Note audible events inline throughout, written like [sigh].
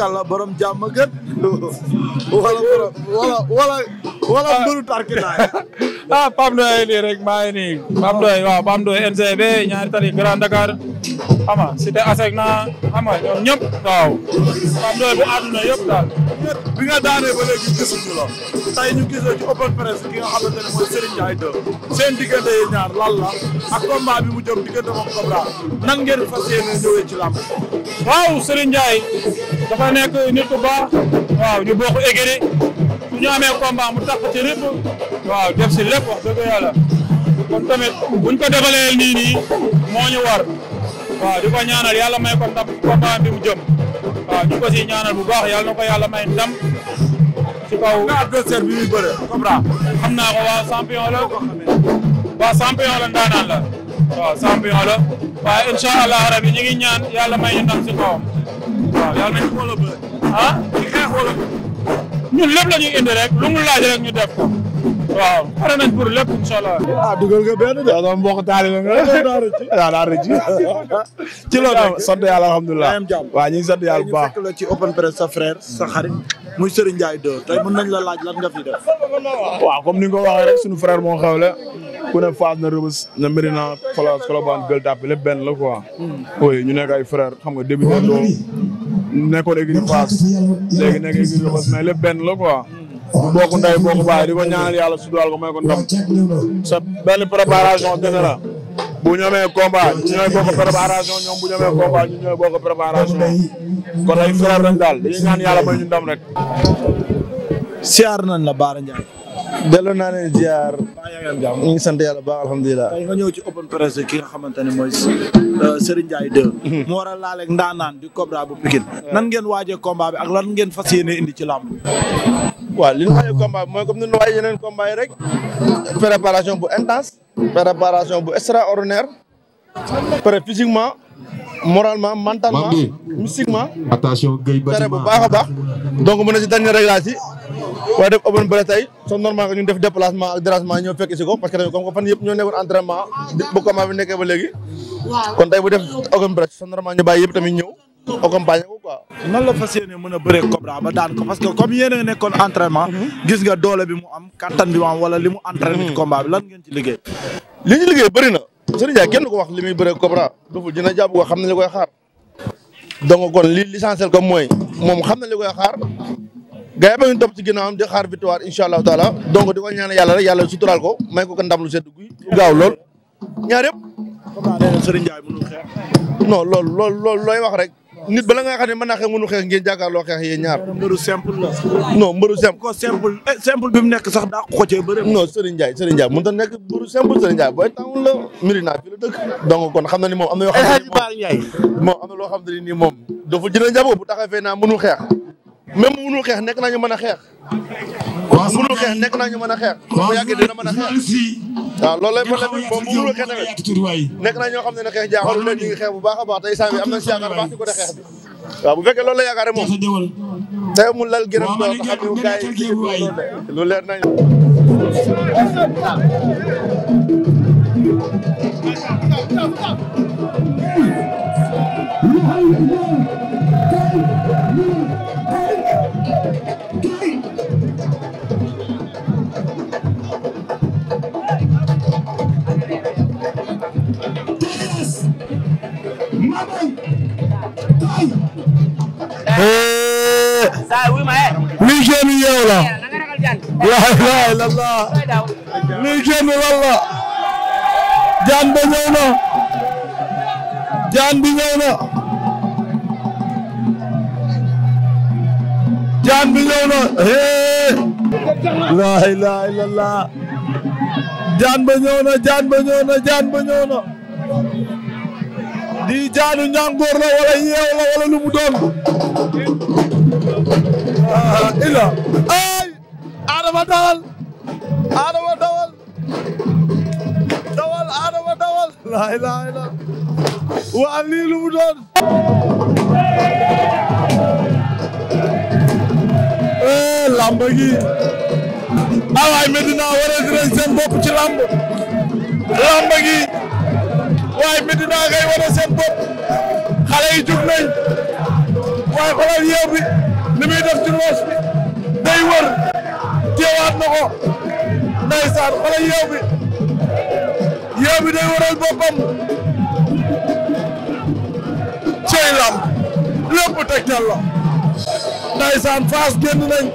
tubaarkàlla borom jàmm gën. wala wala wala wala ah. mbëru tarkinaay. a [laughs] ah, Pape Ndoye lii rek maa ngi nii Pape Ndoye waaw Pape Ndoye NCB ñaari tali Grand Dakar xam nga cité ASECNA xam nga ñoom ñëpp waaw Pape Ndoye bu àdduna yëpp daal. bi nga daanee ba léegi gisuñu la tey ñu gisee ci open press ki nga xamante ne mooy Serigne Ndiaye 2 seen diggante yi ñaar lan la ak combat bi mu jëm diggante moom Cobra nan ngeen fas yéene ñëwee ci làmb waaw Serigne Ndiaye dafa nekk nit ku baax waaw ñu bokk égri su ñu amee mu takk ci lépp waaw def si lépp wax dëgg kon tamit buñ ko defalee nii nii war waaw di ko ñaanal yàlla may ko ndam combat bi mu waaw ñu ko siy ñaanal bu baax yàlla na ko yàlla may ndam ci kaw. nga adversaire bi muy bëre Cobra. xam naa ko waa champion la waa champion la ndaanaan la waaw champion la waaye ñu ngi ñaan yàlla may ndam ci kawam waaw yàlla ah? la ñu xeex lu mu laaj rek ñu def ko. waaw pare nañ pour lépp incha allah. ah dugal nga benn de. waaw mbokk taalibe nga. waaw daa rëcc. ci loolu [laughs] sant yàlla alhamdulilah. waaw ñu ngi sant yàlla bu ci open press sa frère sa xarit. muy Serigne Ndiaye do tey mën nañ la laaj lan nga fi def. waaw comme ni ko waxee rek sunu frère moo xewle. ku ne Fass na Rëbës na Mérina Falas Colobane Gueule Tapée lépp benn la quoi. Hmm. oui ñu nekk ay frère xam nga débuté doo nekkoon écurie Fass léegi nekk écurie Rëbës mais benn la quoi. du bokk ndey bokk baay ñaanal yàlla sudal ko may ko ndam sa benn préparation kese bu ñoomee combat ñu ñooy bokk préparation ñoom bu ñoomee combat ñu ñooy bokk préparation kon ay frère lañ daal dañuy ñaan yàlla may ñu rek siyaar nañ la Baara Ndiaye. delloo naa leen ziar. ñu ngi sant yàlla baax alhamdulilah. tey nga ñëw ci open press ki nga xamante ne mooy euh, Serigne [laughs] mu war a laaleeg ndaanaan di Cobra bu Pikine. nan ngeen waajee ak lan ngeen fas yéene indi ci làmb. waaw li ñu waajee combat bi mooy comme ni ñu waajee yeneen combat yi rek. préparation bu intense. préparation bu extraordinaire. pré physiquement. moralement mentalement. mystiquement. attention Guèye bu baax a baax. donc mën na si dernier réglage yi. waaye def open press tey so normal que ñun def déplacement ak dérangement ñëw fekk si ko parce que tamit comme nekkoon entraînement bi bu def a mhm. am li mu entraîné ci mhm. combat bi lan ngeen ci liggéey li na Serigne ko wax li muy bëree Cobra doful ko xam na li koy xaar donc kon li l'essentiel comme mooy moom xam na li koy xaar gaa yëpp a ngi topp ci ginnaawam di xaar victoire incha allahu taala donc di ko ñaan yàlla rek yàlla suturaal ko may ko ko lu sedd guy gaaw lool ñaar yëpp Serigne Ndiaye mënul xeex non lool loolu loolu looy wax rek nit bala nga xam ne mën naa xeex mënul xeex ngeen jàkkaarloo xeex yéen ñaar mbëru simple la non mbëru simple ko simple eh, simple bi mu nekk sax daa ko cee bëri non Serigne Ndiaye Serigne Ndiaye a nekk mbëru simple Serigne Ndiaye booy tawul la Médina fi la dëkk donc kon xam na ni moom am na yoo xam ne moom am loo xam ni moom dafa jëna naa mënul xeex même bu munul xeex nekk nañu mën a xeex. waaw bu xeex nekk nañu mën a xeex. waaw yàgg dina a xeex. waaw loolu lay problème bi moom bu munul xeex tamit nekk na ñoo xam ne ne xeex jaaxalul bu baax a baax tey saa bi am na si yaakaar baax ci côté xeex bi. waaw bu fekkee loolu la yaakaar moom tey mu lal gërëm doon xam ne gars yi lu leer nañu. lii eh, génn yow la laa ilaaha illallaah lii génn walla jaan ba ñëw na jaan bi ñëw na jaan bi ñëw na hee eh. laa ilaaha illallaah jaan ba ñëw na jaan ba ñëw na jaan ba ñëw na lii jaanu ñaan góor wala yeew la wala lu mu doon ah, ila ay adama dawal adama dawal dawal adama dawal la ilaha lu mu doon eh lamba gi awaay Medina war a seen bopp ci lamb lamba gi waaye Medina ngay wane seen bopp xale yi jug nañ waaye xoolal yeew bi li muy def ci loos bi day wër teewaat na ko ndeysaan xoolal yeew bi yeew bi day wëral boppam cey lam lépp tegtal la ndeysaan faas nañ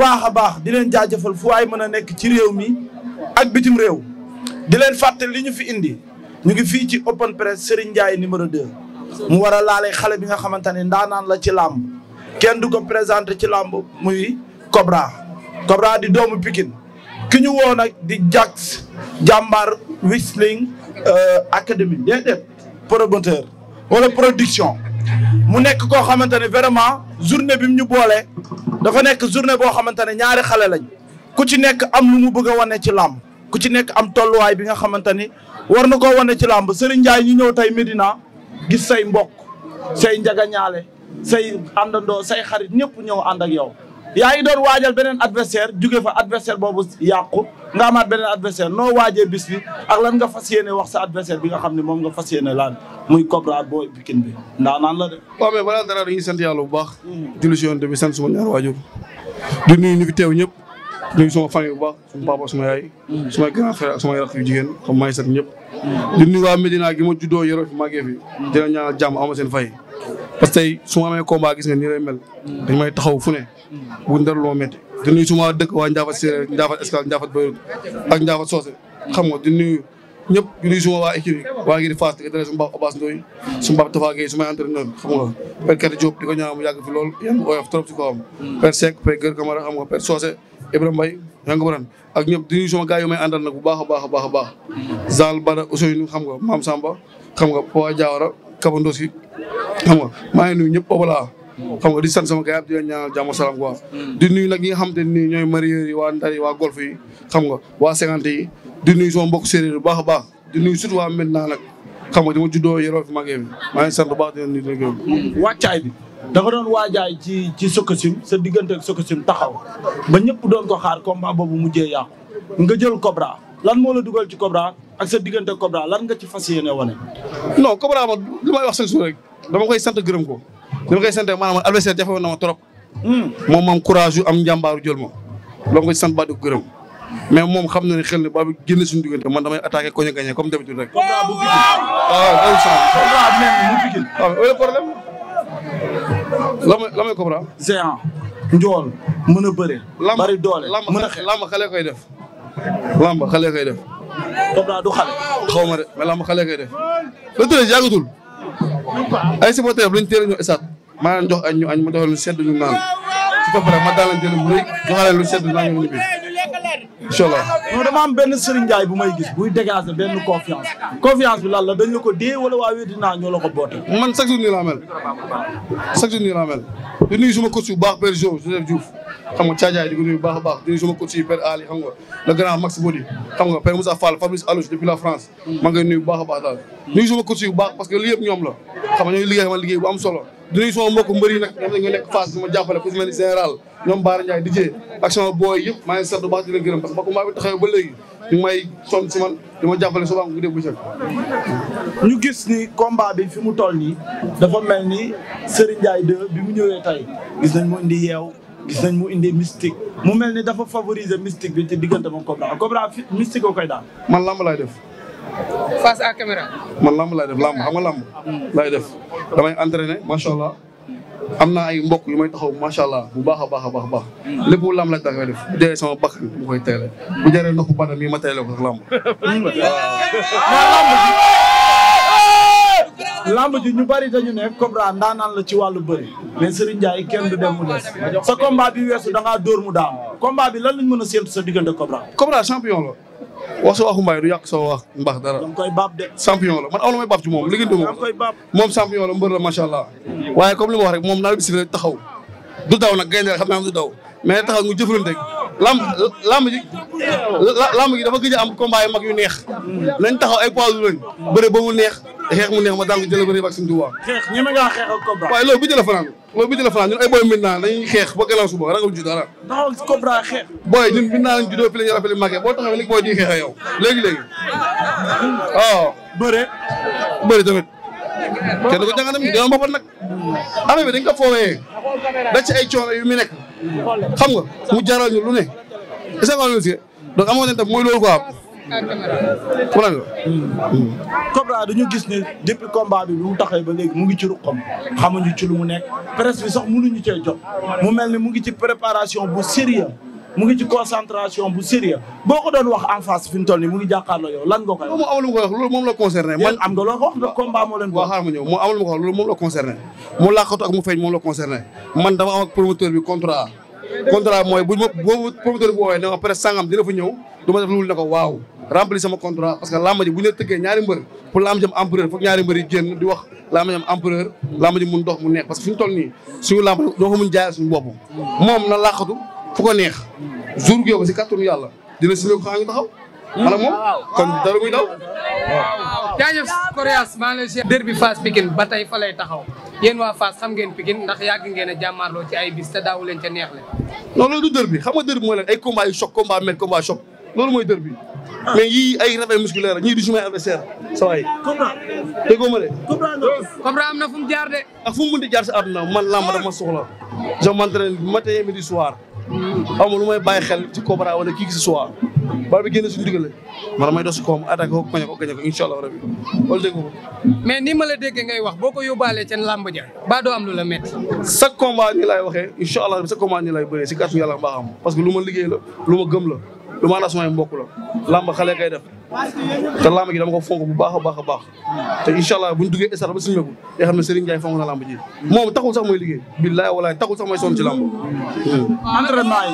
baax a baax di leen jaajëfal fu waay mën a nekk ci réew mi ak bitim réew di leen fàttali li ñu fi indi ñu ngi fii ci open press Serigne Ndiaye numéro 2. mu war a laale xale bi nga xamante ne ndaanaan la ci làmb kenn du ko présenté ci làmb muy Cobra Cobra di doomu pikin ki ñu woo nag di Jax jàmbaar Wrestling euh, Academy déedéet promoteur wala production mu nekk koo xamante ne vraiment journée bi mu ñu boole. dafa nekk journée boo xamante ne ñaari xale lañ ku ci nekk am lu mu bëgg a wane ci làmb ku ci nekk am tolluwaay bi nga xamante ni war na koo wane ci làmb Serigne Ndiaye ñu ñëw tey Medina gis say mbok say njagañaale say àndandoo say xarit ñëpp ñëw ànd ak yow yaa ngi doon waajal beneen adversaire jóge fa adversaire boobu yàqu nga amaat beneen adversaire noo waajee bis bi ak lan nga fas yéene wax sa adversaire bi nga xam ne moom nga fas yéene laan muy Cobra booy Pikine bi ndax naan la de. waaw mais balaa dara dañuy sant yàlla bu baax. julli si Yonent bi sant suma ñaar waajur. du nuyu ñu fi teew ñëpp. di nuyu sama famille bu baax sama papa suma yaay. suma grand frère ak suma jigéen xam maa ngi sant ñëpp. di nuyu waa Medina gi ma juddoo yoroo fi màggee fi. dina ñaanal jàmm ama seen parce que tey su ma amee gis nga nii lay mel dañ may taxaw fu ne buñ dara loo métti di nuyu suma dëkk waa Ndiaffate Séeréer Ndiaffate Escale Ndiaffate Bayoul ak Ndiaffate Socé bu baax a baax a baax a baax Zal Bada Ousseynou xam nga Mame Samba xam nga Pawa Diawara Kabandosi xam nga maa ngi nuyu ñëpp voilà xam nga di sant sama gars yi di leen ñaanal jàmm salaam quoi. di nuyu nag ñi nga xamante ne nii ñooy marieurs yi waa ndar yi waa golf xam nga waa cinquante di nuyu sama mbokk séeréer baax a baax di nuy surtout waa maintenant nag xam nga di ma juddoo yoroo fi màggee fi maa ngi sant bu baax di leen nuyu di wàccaay bi da nga doon waajaay ci ci Sokocim sa diggante ak Sokocim taxaw ba ñëpp doon ko xaar combat boobu mujjee yàqu nga jël Cobra lan moo la dugal ci Cobra ak sa diggante Cobra lan nga ci fas yéene wane. non Cobra li may wax seen suuf rek. dama koy sant gërëm ko dama koy sant maanaam adversaire jafe woon na ma trop. Hmm. moom moom courage yu am njàmbaaru jël ma dama koy sant ba di gërëm. mais moom xam na ne xel ne ba bi génn suñu diggante man damay attaqué ko ñu gagné comme d'habitude rek. Ah, waaw waaw waaw waaw problème. la may la may Cobra. géant. njool mën a bëre. bari doole mën a xeex lamba xale koy def. lamba xale koy def. Cobra du xale. xaw ma de mais lamba ay supporter luñ teel a ñëw esat maa leen jox añ ñu añ ma jox lu sedd ñu naan su ko paree ma daal leen jël bu rëy jox leen lu sedd naa ñëw ñu incha allah non dama am benn Serigne Ndiaye bu may gis buy dégager benn confiance confiance bi lan la dañ ko dee wala waa wéeti naa ñoo la ko boote. man chaque jour nii laa mel jour nii laa mel di nuyu suma baax Père Jo Joseph Diouf xam nga caajaay di ko nuyu baax a baax di yi Père Ali xam nga depuis la France maa ngi koy nuyu baax a baax daal nuyu suma coach yi baax parce que lii yëpp ñoom la xam nga liggéey xam liggéey bu am solo du nuyu sama mbokku mbëri nag ñoom dañoo nekk phase bi jàppale ku si mel ni général ñoom Baara Ndiaye di ak sama booy yëpp maa ngi sant bu baax ba léegi ñu ngi may sonn si man di ma jàppale suba mu guddee bëccëg ñu gis ni combat bi fi mu toll nii dafa mel ni Serigne Ndiaye 2 bi mu ñëwee tey gis nañ mu indi yeew gis nañ mu indi mystique mu mel ni dafa favoriser mystique bi te diggante moom Cobra Cobra mystique ko koy daal man lamb laay def face à caméra. man lamb laay def lamb ama lamb. laay def damay entraîné macha allah am naa ay mbok yu may taxaw macha bu baax a baax a baax baax lépp lu lamb laaj da def bu jëree sama bakkan mu koy teele bu jëree ndoxu bana mii ma teele ko sax lamb. [laughs] lamb ji ñu bari dañu ne Cobra ndaanaan la ci wàllu bëri mais Serigne Ndiaye kenn du dem mu des sa combat bi wees da ngaa dóor mu daam combat bi lan lañ mën a séntu sa diggante Cobra. Cobra champion la. wax sa waxu mbaay du yàq sa wax dara. da la man am na may baab ci moom liggéey doomu. moom champion la mbër la macha allah. waaye comme li ma wax rek moom naa bi sifle taxaw du daw nag gaynde xam naa du daw mais taxaw nga jëflante lamb lamb ji dafa gëj am combat mag yu neex nañ taxaw ay poids lañ bëre ba mu neex xeex mu neex ma daal ko jëlee bëri ak suñu tubaab. xeex ñeme waaye loolu bu loolu bi dina fanaan ñun ay booy Mbinaan dañuy xeex ba gannaaw suba ragal ju dara. xeex. booy ñun la ñu rafetlu màggee boo taxawee nag booy di xeex yow léegi léegi. waaw. Ah. bëre. bëre tamit. kenn ko jàngal nañu a boppam nag. affaire bi dañ ko foowee da ci ay coono yu muy nekk. xam nga mu jaral ñu lu ne. est ce que nga xam ne donc amoon nañu tam mooy loolu quoi. ku la nga Cobra dañu gis ni depuis combat bi bi mu taxawee ba léegi mu ngi ci ruqam xamuñu ci lu mu nekk presse bi sax mënuñu cee jot mu mel ni mu ngi ci préparation bu sérieux mu ngi ci concentration bu sérieux boo ko doon wax en face fi mu toll nii mu ngi jàkkaarloo yow lan nga koy wax. moom amul ma ko wax moom concerné. man am nga loo ko wax nga combat moo leen. moom amul ma ko wax la concerné. mu làqatu ak mu feeñ moom la concerné man dama am ak promoteur bi contrat. contrat mooy bu ma boobu promoteur bi woowee ne ma pare sangam dina fa ñëw du ma def lu na ko waaw. rempli sama contrat parce que làmb ji bu ñu tëggee ñaari mbër pour làmb jëm empereur foog ñaari mbër yi génn di wax làmb jëm empereur làmb ji mun dox mu neex parce que fi ñu nii na làqatu fu ko neex jour gi si kàttanu yàlla dina si ba tey fa lay taxaw yéen waa xam ngeen Pikine a jàmmaarloo ci ay bis te daawu leen ca neex le non loolu du derbi xam nga derbi mooy lan ay combat yu choc combat met combat choc loolu mooy derbi Ah. mais yii ay réveil musculaire la ñii du sumay adversaire sa waay. déggoo ma de. comprendre am na fu jaar de. a fu mu mënti jaar si àdduna man làmb ah. dama soxla. je m'entraîne matin midi soir. xaw ma lu may bàyyi xel ci Cobra wala kii si soir. bal bi génn suñu digale man damay doon si koom attaqué ko koñe ko gañe ko incha rabi wala dégg ko. mais ni ma la déggee ngay wax boo ko yóbbaalee seen làmb ja ba doo am lu la métti. chaque combat nii laay waxee incha allah chaque combat nii laay bëree si kàttu parce que lu ma liggéey la lu ma gëm la. lu ma ànd ak samay mbokk la làmb xale kay def te làmb gi dama ko fonk bu baax a baax a baax te incha bu buñ duggee estar ba suñu meku day xam ne Serigne Ndiaye fonk na làmb ji moom taxul sax mooy liggéey billaay walaay taxul sax mooy sonn ci làmb entraînement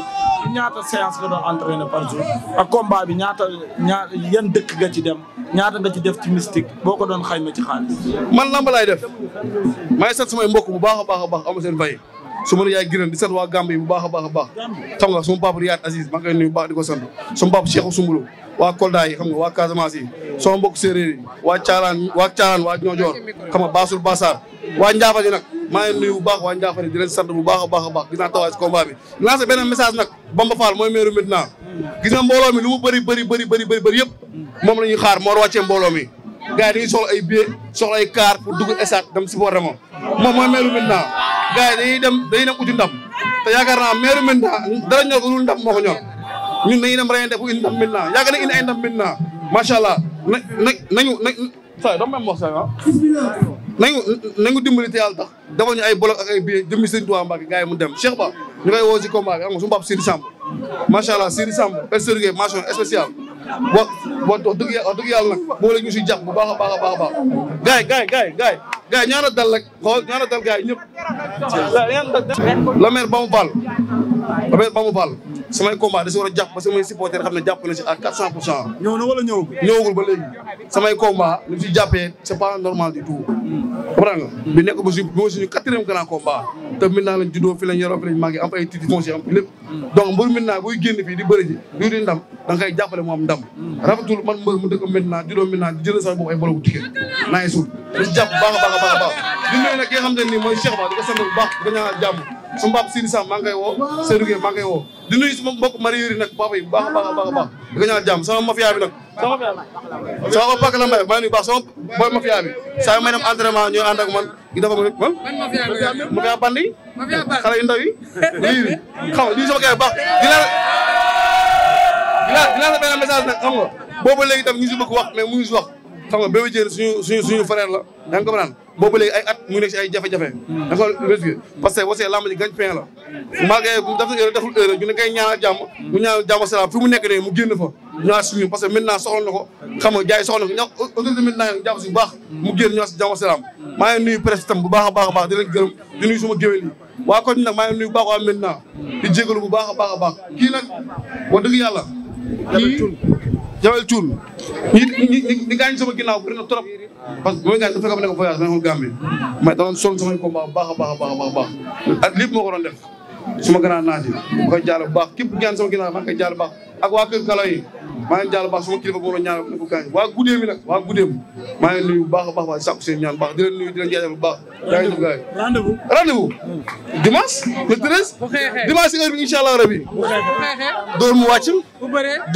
yi ñaata séance nga doon entraîné par jour ak combat ñaata ñaa yan dëkk nga ci dem ñaata nga ci def ci mystique boo ko doon xayma ci xaalis man làmb laay def maay sant samay mbokk bu baax a baax a baax ama seen suma ma la yaay gërëm di sant waa Gambie bu baax a baax a baax xam nga suma papa Riyad Aziz maa ngi koy nuyu bu baax di ko sant suma papa Cheikh Soumboulou waa Kolda yi nga waa Casamance yi sama mbokk waa Caalaan waa Caalaan waa Ñoojoor xam nga Baasul Basaar waa Njaafari nag maa ngi nuyu bu baax waa Njaafari di leen sant bu baax a baax a baax gis naa taxawaay si combat bi lancé benn message nag Bamba Fall mooy meeru maintenant gis nga mbooloo mi lu bëri yëpp moom la ñuy moo war wàccee mbooloo mi gars yi dañuy ay billets soxla ay car pour dugg stade dem supporter moom moom mooy gars yi dem dañuy dem uti ndam te yaakaar naa meeru Médina dara ñor ko lu ndam moo ko ñor ñun dañuy dem reyante pour indi ndam Médina yaakaar nañ indi ay ndam Médina na na nañu na saa dama wax saa ah nañu nañu dimbali te yàlla tax dafa ñu ay bolok ak ay billets jëmmi Serigne Touba mu dem Cheikh Ba ñu koy woo si combat bi am nga suñu bopp Sidi Samb macha allah wa wa wax dëgg yàlla wax dëgg yàlla nag boole ñu si jàpp bu baax a baax a baax a baax gaay gaay gaay gaay gaay ñaana dal rek xool ñaana ba mu baal la maire ba mu baal samay combat da si war a jàpp parce samay supporter xam ne jàpp na si à quatre cent pour cent ñëw na wala ñëwagul ñëwagul ba léegi samay combat li mu si jàppee c'est pas normal du tout comprends nga bi nekk ba suñu quatrième grand te Médina lañ juddoo fi lañ yoroo fi lañ màggee am ay titre foncier am lépp donc mbër Médina buy génn fii di bëri ji du di ndam da nga koy jàppale mu am ndam rafetul man mbër mu dëkk Médina juddoo Médina di jël sax boobu ay bologu ticket naagi suul dañ jàpp baax a baax a baax a di nuyu nag ki nga xam mooy Cheikh Ba di ko sant bu di ko ñaanal jàmm su mbaab Sidi Sam maa ngi koy woo Seydou di nuyu suma mari yori nag baaba yi bu baax a baax a a ñu defal ko wal. man mafia yooyu mafia bandi. mafia bandi xale yu ndaw yi. [laughs] lii xam nga lii sama kër baax di la di la benn message nag xam nga boobu tam ñu si bëgg wax mais mu ngi si wax xam nga Bébé Diène suñu suñu suñu la yaa ngi comprendre boobu léegi ay at mu nekk si ay jafe-jafe da nga ko parce que Wassare lamb ji gagne-pain la malgré def deful heure ñu ne ngay ñaanal jàmm mu ñaanal jàmm salaam fi mu nekk nii mu génn fa ñu assurer parce que maintenant soxla na ko xam nga gars yi soxla na ko si bu baax mu génn ñu si jàmm ak salaam maa ngi nuyu bu baax a baax a baax di leen gërëm di nuyu waa ko nag maa ngi nuyu baax waa maintenant bu baax a baax a baax kii nag wax dëgg yàlla kii Jabel Thioune ñi ñi ñi gaañ sama ginnaaw bëri bu may gaañ dafa fekk ma nekk voyage ma nekk Gambie bu baax a baax a baax a baax ak lépp moo ko doon def suma grand naati bu koy jaal bu baax képp gaañ sama ginnaaw maa yi maa ngi jàll baax sama kilifa boobu ñaan mu ko kaay waa guddeem yi nag waa guddeem maa ngi nuyu bu baax a baax waa sàkku seen ñaan baax di leen nuyu di leen jaajëfal bu baax yaa ngi nuyu rendez-vous rendez-vous dimanche le treize dimanche door mu wàcc